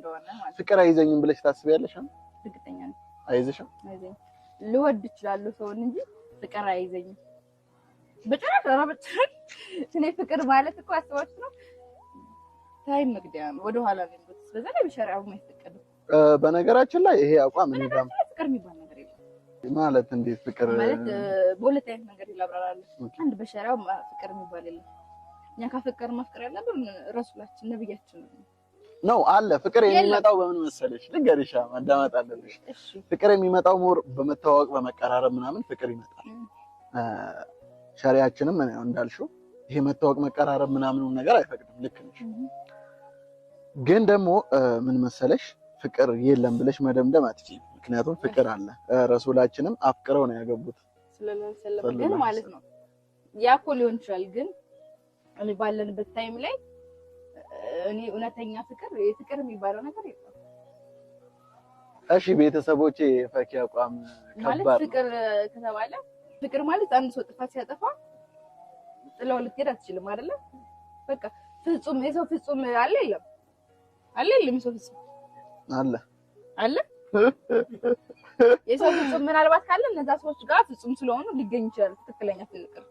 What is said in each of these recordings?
እንደሆነ ማለት ፍቅር አይዘኝም ብለሽ ታስቢያለሽ? እርግጠኛ ነኝ። አይዘሽም? አይዘኝ ልወድ እችላለሁ ሰውን እንጂ ፍቅር አይዘኝም በጭራሽ። ኧረ በጭራሽ። እኔ ፍቅር ማለት እኮ አስባችሁ ነው ታይም መግደያ ነው፣ ወደኋላ ነው። በዛ ላይ በሸሪዓው የማይፈቀደው በነገራችን ላይ ይሄ አቋም ምን ጋር ፍቅር የሚባል ነገር የለም ማለት እንዴት ፍቅር ማለት በሁለት አይነት ነገር ይላብራራል። አንድ በሸሪዓው ፍቅር የሚባል የለም። እኛ ካፈቀር ማፍቀር ያለብን ረሱላችን ነብያችን ነው። ነው አለ። ፍቅር የሚመጣው በምን መሰለሽ ልንገርሻ፣ ማዳመጥ አለብሽ። ፍቅር የሚመጣው ሞር በመተዋወቅ በመቀራረብ ምናምን ፍቅር ይመጣል። ሸሪያችንም እንዳልሽው ይሄ መተዋወቅ መቀራረብ ምናምን ነገር አይፈቅድም። ልክ ነሽ። ግን ደግሞ ምን መሰለሽ ፍቅር የለም ብለሽ መደምደም አትችይም። ምክንያቱም ፍቅር አለ። ረሱላችንም አፍቅረው ነው ያገቡት ስለላሰለም ማለት ነው። ያኮ ሊሆን ይችላል ግን ባለንበት ታይም ላይ እኔ እውነተኛ ፍቅር ፍቅር የሚባለው ነገር የለም። እሺ ቤተሰቦቼ፣ ፈኪ አቋም ማለት ፍቅር ከተባለ ፍቅር ማለት አንድ ሰው ጥፋት ሲያጠፋ ጥለው ልትሄድ አትችልም አይደለ? በቃ ፍጹም የሰው ፍጹም አለ የለም አለ የለም የሰው ፍጹም አለ አለ የሰው ፍጹም ምናልባት ካለ እነዛ ሰዎች ጋር ፍጹም ስለሆኑ ሊገኝ ይችላል ትክክለኛ ፍቅር።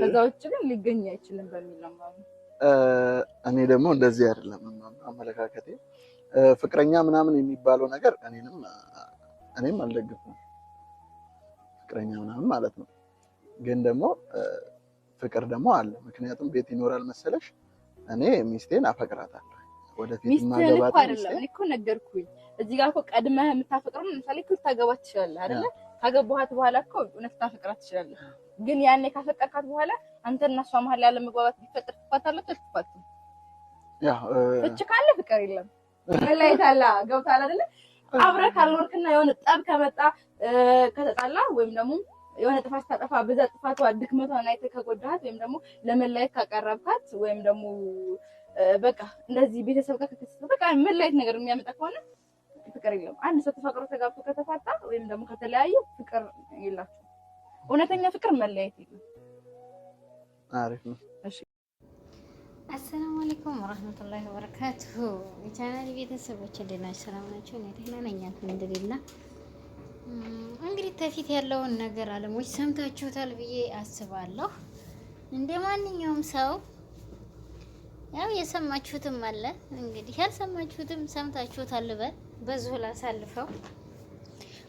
ከዛ ውጭ ግን ሊገኝ አይችልም በሚል ነው እኔ ደግሞ እንደዚህ አይደለም አመለካከቴ። ፍቅረኛ ምናምን የሚባለው ነገር እኔንም እኔም አልደግፍም። ፍቅረኛ ምናምን ማለት ነው። ግን ደግሞ ፍቅር ደግሞ አለ። ምክንያቱም ቤት ይኖራል መሰለሽ። እኔ ሚስቴን አፈቅራታለሁ። ወደፊት ማገባት አይደለም እኮ ነገርኩኝ። እዚህ ጋር እኮ ቀድመህ የምታፈቅረው ለምሳሌ ልታገባት ትችላለህ አይደለ? ካገባኋት በኋላ እኮ እውነት ታፈቅራት ትችላለህ ግን ያኔ ካፈቀርካት በኋላ አንተ እና እሷ መሀል ያለ መግባባት ቢፈጠር ትፋታላችሁ? አትፋቱም? ፍቺ ካለ ፍቅር የለም። ለይታላ ገብታል አይደለ? አብረህ ካልኖርክና የሆነ ጠብ ከመጣ ከተጣላ ወይም ደግሞ የሆነ ጥፋት ታጠፋ በዛ ጥፋቷ ድክመቷን አይተህ ከጎዳሃት ወይም ደግሞ ለመለየት ካቀረብካት ወይም ደግሞ በቃ እንደዚህ ቤተሰብ ጋር ከተሰበ በቃ መለየት ነገር የሚያመጣ ከሆነ ፍቅር የለም። አንድ ሰው ተፈቅሮ ተጋብቶ ከተፋታ ወይም ደግሞ ከተለያየ ፍቅር የላችሁ እውነተኛ ፍቅር መለያየት ነው። አሪፍ ነው። እሺ። አሰላሙ አለይኩም ወራህመቱላሂ ወበረካቱሁ። የቻናል ቤተሰቦች እንዴት ናችሁ? ሰላም ናቸው? እኔ ደህና ነኝ። አልሐምዱሊላህ። እንግዲህ ተፊት ያለውን ነገር አለሞች ሰምታችሁታል ብዬ አስባለሁ። እንደ ማንኛውም ሰው ያው የሰማችሁትም አለ እንግዲህ ያልሰማችሁትም ሰምታችሁታል። በል በዙ ላሳልፈው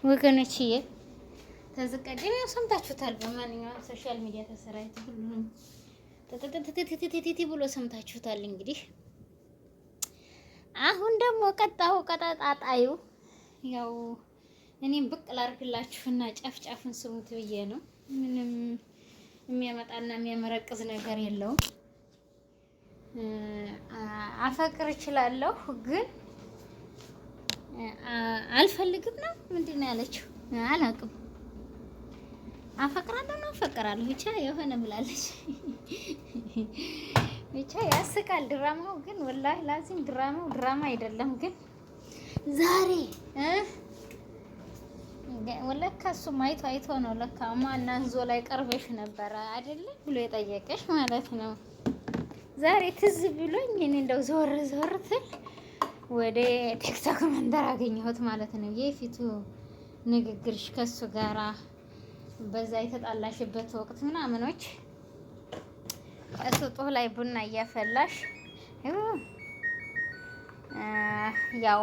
ወገኖችዬ ተዚህ ያው ሰምታችሁታል። በማንኛውም ሶሻል ሚዲያ ተሰራይቶ ሁሉንም ብሎ ሰምታችሁታል። እንግዲህ አሁን ደግሞ ቀጣው ቀጣጣጣዩ ያው እኔም ብቅ ላድርግላችሁና ጫፍጫፍን ስሙት ብዬ ነው። ምንም የሚያመጣና የሚያመረቅዝ ነገር የለውም። አፈቅር እችላለሁ ግን አልፈልግም ነው ምንድን ነው ያለችው? አላውቅም አፈቅራለሁ ነው አፈቅራለሁ ብቻ የሆነ ብላለች። ብቻ ያስቃል ድራማው ግን ወላሂ ላዚም ድራማው ድራማ አይደለም። ግን ዛሬ ለካ እሱም አይቶ አይቶ ነው ለካ ማና ዞ ላይ ቀርበሽ ነበረ አይደለ ብሎ የጠየቀሽ ማለት ነው። ዛሬ ትዝ ብሎኝ እኔ እንደው ዞር ዞር ትል ወደ ቲክቶክ መንደር አገኘሁት ማለት ነው። የፊቱ ንግግርሽ ከሱ ጋራ በዛ የተጣላሽበት ወቅት ምናምኖች እሱ ላይ ቡና እያፈላሽ ያው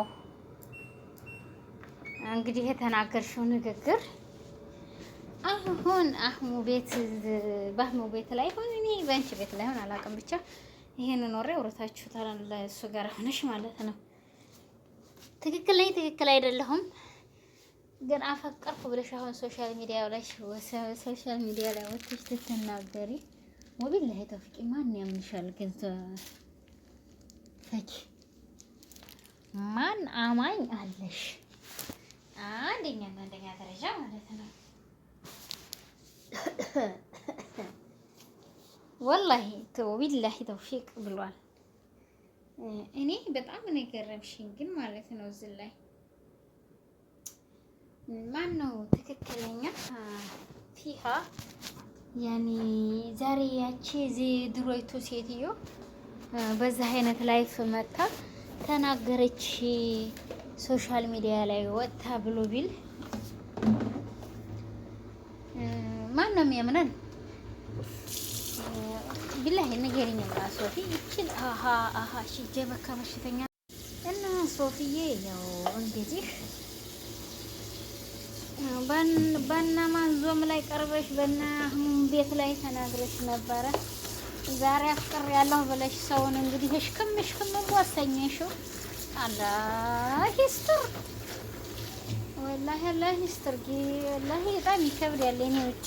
እንግዲህ የተናገርሽው ንግግር አሁን አህሙ ቤት በአህሙ ቤት ላይ ሆን እኔ በአንቺ ቤት ላይ ሆን አላውቅም። ብቻ ይሄን ኖረ አውርታችሁታል እሱ ጋር ሆነሽ ማለት ነው። ትክክል ነኝ፣ ትክክል አይደለሁም ግን አፈቀርኩ ብለሽ አሁን ሶሻል ሚዲያ ላይ ሶሻል ሚዲያ ላይ ወጥተሽ ትትናገሪ ወቢል ላይ ተፍቂ ማን ያምንሻል? ግን ፈኪ ማን አማኝ አለሽ? አንደኛ እና አንደኛ ደረጃ ማለት ነው። ወላሂ ወቢላሂ ተውፊቅ ብሏል። እኔ በጣም ነው የገረምሽኝ ግን ማለት ነው እዚህ ላይ ማን ነው ትክክለኛ ፊሃ ያኔ ዛሬ ያቺ ድሮይቱ ሴትዮ በዛ አይነት ላይፍ መታ ተናገረች ሶሻል ሚዲያ ላይ ወጥታ ብሎ ቢል ማን ነው የሚያምነን? ቢላሂ ንገሪኝ ሶፊ ይችል አሀ አሀ ሽጀ በካ በሽተኛ እና ሶፊዬ ያው እንደዚህ በነ ማንዞም ላይ ቀርበሽ በነ አህሙም ቤት ላይ ተናግረሽ ነበረ። ዛሬ አፍቅር ያለሁ ብለሽ ሰውን እንግዲህ እሽክም እሽክም ወሰኘሽው። አላህ ይስጥር፣ ወላሂ አላህ ይስጥር። ወላሂ በጣም ይከብዳል። እኔዎች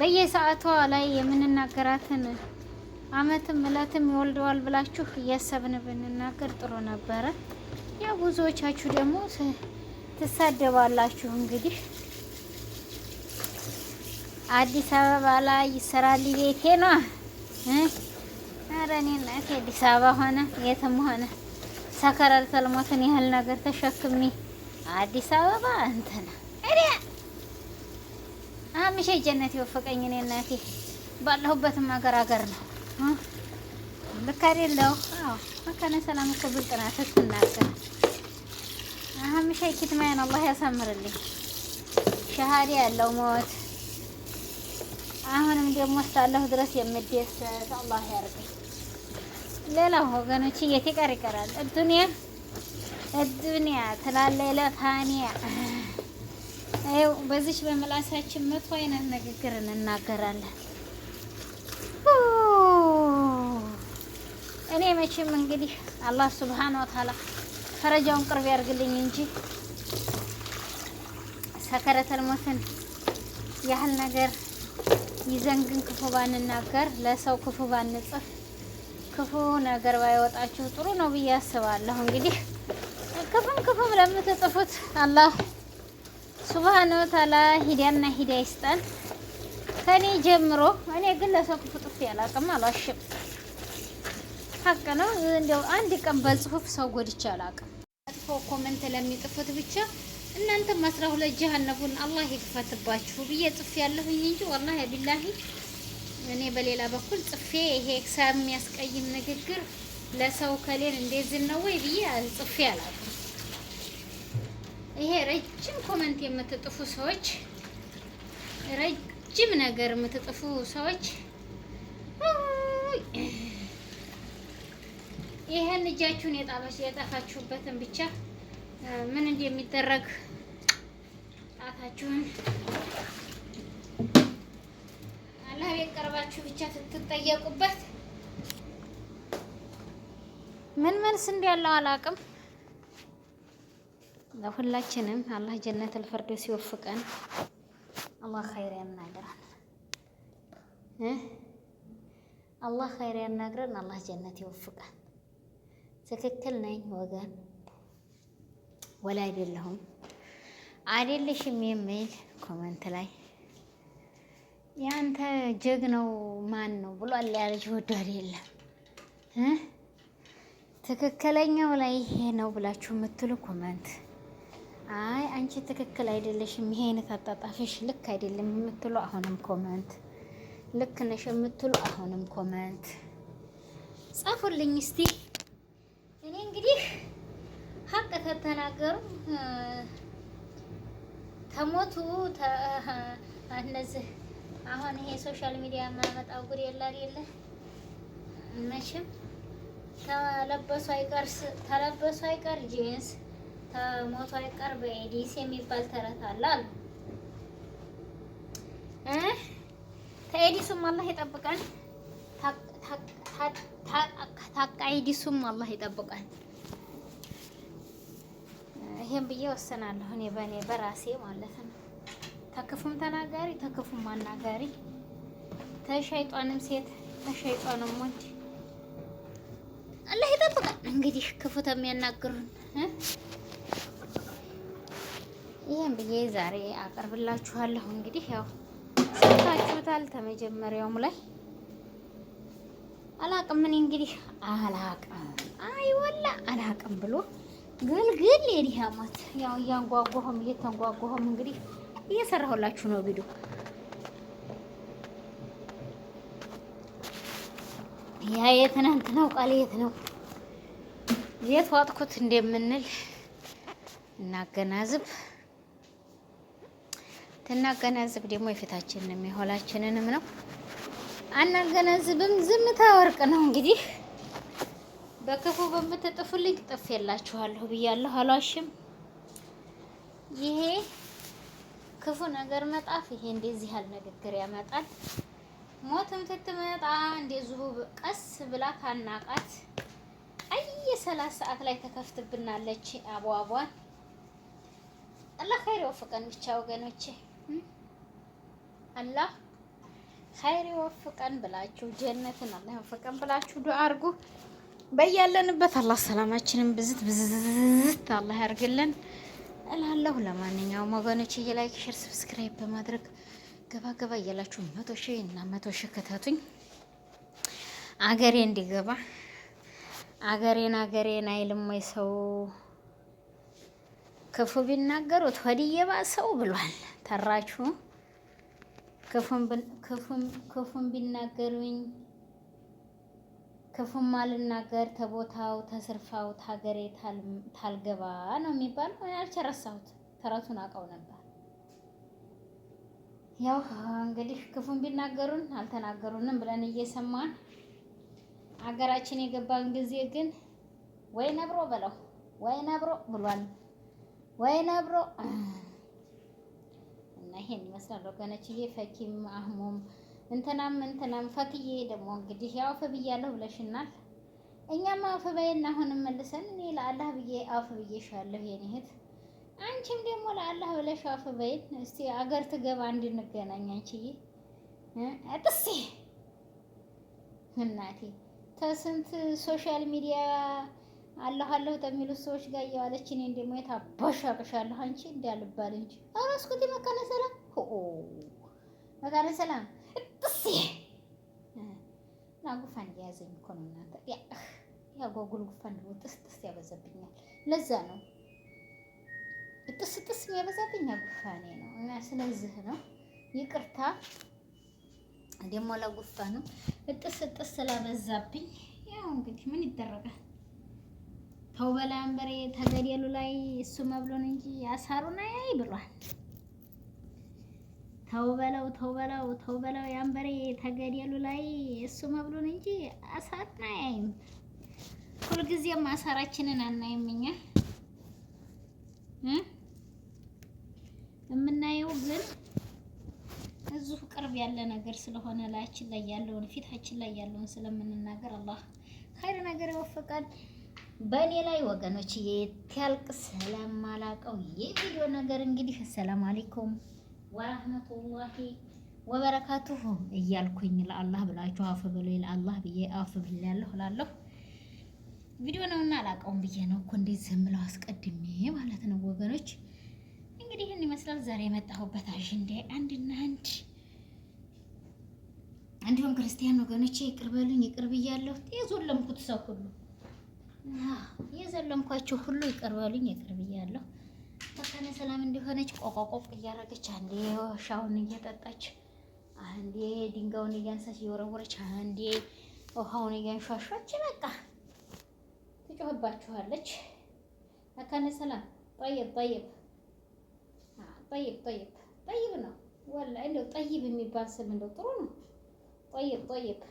በየሰዓቷ ላይ የምንናገራትን አመትም እለትም ይወልደዋል ብላችሁ እያሰብን ብንናገር ጥሩ ነበረ። ያው ብዙዎቻችሁ ደግሞ ትሳደባላችሁ። እንግዲህ አዲስ አበባ ላይ ይሰራል ቤቴ ነው። ኧረ እኔ እናቴ አዲስ አበባ ሆነ የትም ሆነ ሰከረር ተልሞትን ያህል ነገር ተሸክሜ አዲስ አበባ እንትና እኔ አምሼ ጀነት የወፈቀኝ እኔ እናቴ ባለሁበትም ሀገር አገር ነው። ልክ አይደለሁ? አዎ መካነ ሰላም እኮ ብልጥ ናት ስትናገር አህም ሻይ ኪትማያን አላህ ያሳምርልኝ። ሸሃዳ ያለው ሞት አሁንም ደግሞ እስካለሁ ድረስ የምደሰት አላህ ያርገኝ። ሌላው ወገኖች የት ይቀር ይቀራል። እዱንያ ዱንያ ትላለህ ለፋኒያ ይኸው በዚች በምላሳችን መቶ አይነት ንግግር እንናገራለን። እኔ መቼም እንግዲህ አላህ ሱብሓነሁ ወተዓላ ፈረጃውን ቅርብ ያርግልኝ እንጂ ሰከረተል ሞትን ያህል ነገር ይዘን ግን ክፉ ባንናገር ለሰው ክፉ ባንጽፍ ክፉ ነገር ባይወጣችሁ ጥሩ ነው ብዬ አስባለሁ። እንግዲህ ክፉም ክፉም ለምትጽፉት አላህ ሱብሃነ ወተዓላ ሂዳና ሂዳ ይስጣል ከኔ ጀምሮ። እኔ ግን ለሰው ክፉ ጥፍ አላውቅም፣ አልዋሽም። ሀቅ ነው። እንደው አንድ ቀን በጽሁፍ ሰው ጎድቼ አላውቅም። መጥፎ ኮመንት ለሚጥፉት ብቻ እናንተም አስራ ሁለት ጀሃነቡን አላህ ይክፈትባችሁ ብዬ ጽፌ ያለሁኝ እንጂ ወላሂ ቢላሂ እኔ በሌላ በኩል ጽፌ ይሄ ኤክሳም የሚያስቀይም ንግግር ለሰው ከሌን እንደዚህ ነው ወይ ብዬ ጽፌ አላልኩም። ይሄ ረጅም ኮመንት የምትጥፉ ሰዎች፣ ረጅም ነገር የምትጥፉ ሰዎች ይሄን እጃችሁን የጣበስ የጠፋችሁበትን ብቻ ምን እንደሚደረግ ጣታችሁን አላህ ቤት ቀርባችሁ ብቻ ስትጠየቁበት ምን መልስ እንዳለው አላውቅም። ለሁላችንም አላህ ጀነት አልፈርዶስ ይወፍቀን። አላህ ኸይር ያናግረን። አላህ ኸይር ያናግረን። አላህ ጀነት ይወፍቀን። ትክክል ነኝ ወገን ወላ አይደለሁም አይደለሽም የሚል ኮመንት ላይ ያንተ ጀግናው ማን ነው ብሏል። ያለች ወዶ አይደለም ትክክለኛው ላይ ይሄ ነው ብላችሁ የምትሉ ኮመንት፣ አይ አንቺ ትክክል አይደለሽም፣ ይሄ አይነት አጣጣፊሽ ልክ አይደለም የምትሉ አሁንም ኮመንት፣ ልክ ነሽ የምትሉ አሁንም ኮመንት ጻፉልኝ እስቲ። እንግዲህ ሀቅ ከተናገሩ ተሞቱ እነዚህ አሁን ይሄ ሶሻል ሚዲያ የማያመጣው ጉድ የለ አይደለ? መቼም ተለበሱ አይቀር ተለበሱ አይቀር ጂንስ ተሞቱ አይቀር በኤዲስ የሚባል ተረት አለ አሉ። ተኤዲሱም አላህ ይጠብቀን። ታቃይዲሱም አላህ ይጠብቀን። ይሄን ብዬ ወሰናለሁ እኔ በእኔ በራሴ ማለት ነው። ተክፉም ተናጋሪ ተክፉም አናጋሪ ተሸይጧንም ሴት ተሸይጧንም ወንድ አላህ ይጠብቃል። እንግዲህ ክፉ ተሚያናግሩን ይሄን ብዬ ዛሬ አቀርብላችኋለሁ። እንግዲህ ያው ሰምታችሁታል። ተመጀመሪያውም ላይ አላቅም እኔ እንግዲህ አላቅም አይወላ አላቅም ብሎ ግልግል የዲህ አማት ያው እያንጓጓሁም እየተንጓጓሁም እንግዲህ እየሰራሁላችሁ ነው ቪዲዮ ያ የትናንት ነው ቃል የት ነው የት ዋጥኩት እንደምንል እናገናዝብ። ትናገናዝብ ደግሞ የፊታችንንም የኋላችንንም ነው። አናገናዝብም ዝምታ ወርቅ ነው እንግዲህ በክፉ በምትጥፉልኝ ጥፍ የላችኋለሁ ብያለሁ። አሏሽም ይሄ ክፉ ነገር መጣፍ ይሄ እንደዚህ ያለ ንግግር ያመጣል። ሞትም ትትመጣ እንደዚሁ ቀስ ብላ ካናቃት የሰላሳ ሰዓት ላይ ተከፍትብናለች። አቧቧን አላህ ኸይር ወፍቀን ብቻ ወገኖቼ፣ አላህ ኸይር ወፍቀን ብላችሁ ጀነትን አላህ ወፍቀን ብላችሁ ዱአ አድርጉ። በያለንበት አላህ ሰላማችንን ብዝት ብዝት አላህ ያርግልን እላለሁ። ለማንኛውም ወገኖች የላይክ ሼር፣ ሰብስክራይብ በማድረግ ገባ ገባ እያላችሁ መቶ ሺህ እና መቶ ሺህ ክተቱኝ አገሬ እንዲገባ አገሬን አገሬን አይልም ወይ ሰው ክፉ ቢናገሩት ወዲየባ ሰው ብሏል። ተራችሁ ክፉን ቢናገሩኝ ክፉም አልናገር ተቦታው ተስርፋው ታገሬ ታልገባ ነው የሚባለው። አልቸረሳሁት ተረቱን አውቀው ነበር። ያው እንግዲህ ክፉን ቢናገሩን አልተናገሩንም ብለን እየሰማን አገራችን የገባን ጊዜ ግን ወይ ነብሮ በለው ወይ ነብሮ ብሏል። ወይ ነብሮ እና ይሄን ይመስላል ይሄ ፈኪም አህሙም እንትናም እንትናም ፈክዬ ደግሞ እንግዲህ ያው አፍ ብያለሁ ብለሽናል። እኛም አፍ በይና አሁንም መልሰን እኔ ለአላህ ብዬ አፍ ብዬሻለሁ የኔ እህት፣ አንቺም ደግሞ ለአላህ ብለሽ አፍ በይን። እስቲ አገር ትገባ እንድንገናኝ አንቺዬ እጥሴ እናቴ ተስንት ሶሻል ሚዲያ አለሁ አለሁ ተሚሉት ሰዎች ጋር እየዋለች እኔን ደግሞ የታባሻቅሻለሁ አንቺ እንዲያልባል እንጂ አራስኩት መካነ ሰላም መካነ ሰላም ጥሴ እና ጉፋን እየያዘኝ እኮ ነው እናንተ። ያጓጉል ጉፋን ደግሞ ጥስ ጥስ ያበዛብኛል። ለዛ ነው ጥስ ጥስ የሚያበዛብኝ ጉፋኔ ነው። እና ስለዚህ ነው ይቅርታ ደግሞ ለጉፋኑ ጥስ ጥስ ስላበዛብኝ ያው እንግዲህ ምን ይደረጋል። ተው በላ አንበሬ ተገደሉ ላይ እሱ መብሎን እንጂ አሳሩን አያይ ብሏል። ተው በለው ተው በለው ተው በለው ያን በሬ ተገደሉ ላይ እሱ መብሉን እንጂ አሳት አያይም። ሁልጊዜም አሳራችንን አናይም እኛ የምናየው ግን እዚሁ ቅርብ ያለ ነገር ስለሆነ ላያችን ላይ ያለውን ፊታችን ላይ ያለውን ስለምንናገር አላህ ኸይር ነገር ይወፈቃል። በእኔ ላይ ወገኖች የት ያልቅ ስለማላቀው የቪዲዮ ነገር እንግዲህ ሰላም አለይኩም ወረህመቱላሂ ወበረካቱሁ እያልኩኝ ለአላህ ብላችሁ አፍ ብሎ ለአላህ ብዬ አፍ ብያለሁ እላለሁ። ቪዲዮ ነው እና አላውቀውም ብዬ ነው እኮ እንዴት ዝም ብለው አስቀድሜ ማለት ነው ወገኖች። እንግዲህ ይህን ይመስላል ዛሬ የመጣሁበት አጀንዳ አንድና አንድ እንዲሁም ክርስቲያን ወገኖቼ ይቅር በሉኝ፣ ይቅር ብያለሁ። የዘለምኩት ሰው ሁሉ የዘለምኳችሁ ሁሉ ይቅር በሉኝ፣ ይቅር ብያለሁ። መካነ ሰላም እንደሆነች ቆቆቆቅ እያደረገች አንዴ ሻውን እየጠጣች አንዴ ድንጋዩን እያንሳች እየወረወረች አንዴ ውሃውን እያንሿሿች በቃ ትጮህባችኋለች። በካነ ሰላም ጠይብ ጠይብ ጠይብ ጠይብ ጠይብ ነው ወላሂ እንደው ጠይብ የሚባል ስም እንደው ጥሩ ነው። ጠይብ ጠይብ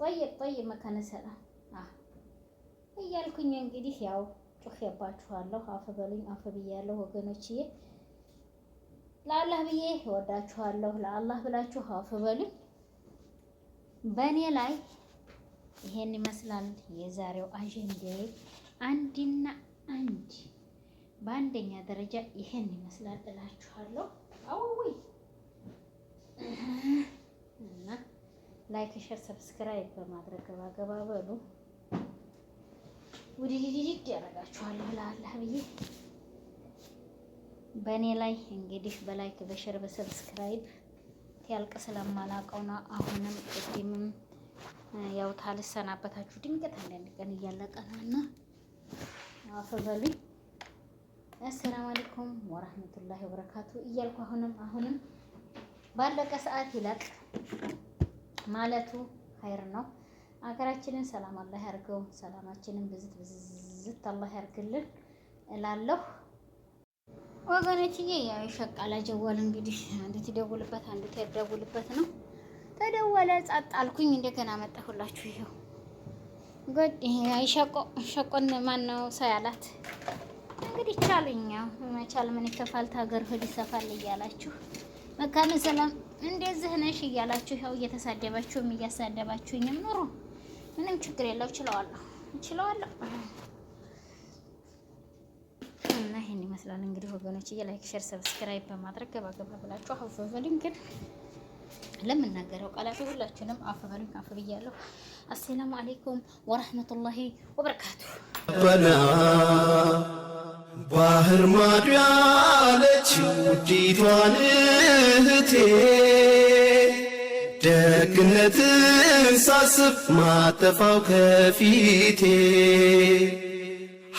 ጠይብ ጠይብ መካነ ሰላም እያልኩኝ እንግዲህ ያው ጩኸባችኋለሁ። አፍ በሉኝ፣ አፍ ብያለሁ ወገኖችዬ። ለአላህ ብዬ እወዳችኋለሁ። ለአላህ ብላችሁ አፍ በሉኝ። በእኔ ላይ ይሄን ይመስላል የዛሬው አጀንዳ። አንድና አንድ በአንደኛ ደረጃ ይሄን ይመስላል እላችኋለሁ። አውይ እና ላይክ፣ ሸር፣ ሰብስክራይብ በማድረግ ገባ ገባ በሉ። ውድድድድ ያደርጋችኋለሁ ለአላህ ብዬ በእኔ ላይ እንግዲህ በላይክ በሸር በሰብስክራይብ ያልቅ ስለማላውቀው ነው። አሁንም ቅድምም ያው ታልሰናበታችሁ ድንገት አንዳንድ ቀን እያለቀ ነው እና አፈ አሰላሙ አለይኩም ወራህመቱላሂ ወበረካቱ እያልኩ አሁንም አሁንም ባለቀ ሰዓት ይለቅ ማለቱ ኸይር ነው። ሀገራችንን ሰላም አላህ ያርገው። ሰላማችንን ብዝት ብዝት አላህ ያርግልን እላለሁ ወገኖችዬ። ያው የሸቃላ ጀዋል እንግዲህ አንድ ትደውልበት አንድ ተደውልበት ነው። ተደወለ ጸጥ አልኩኝ። እንደገና መጣሁላችሁ። ይኸው ጎድ ሸቆ ሸቆን ማን ነው ሰው እንግዲህ ቻሉኛ መቻል ምን ይከፋል? ታገር ሆድ ይሰፋል እያላችሁ መካነ ሰላም እንደዚህ ነሽ እያላችሁ ያው እየተሳደባችሁም እያሳደባችሁኝም ኑሩ። ምንም ችግር የለው። እችለዋለሁ እችለዋለሁ። እና ይሄን ይመስላል እንግዲህ ወገኖች፣ የላይክ ሼር፣ ሰብስክራይብ በማድረግ ገባገባ ብላችሁ አፍ በሉኝ። ግን ለምናገረው ቃላት ሁላችሁንም አፍ በሉኝ። ብያለሁ። አሰላሙ አለይኩም ወራህመቱላሂ ወበረካቱ። ባህር ማዶ ያለች ውዲቷን እህቴ ደግነትን ሳስብ ማጠፋው ከፊቴ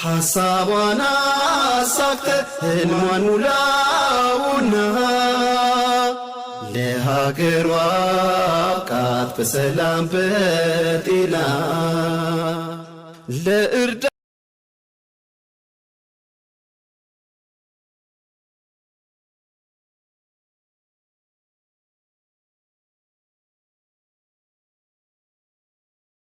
ሐሳቧን አሳክተ ህልሟን ሙላውና ለሀገሯ አብቃት በሰላም በጤና ለእርዳ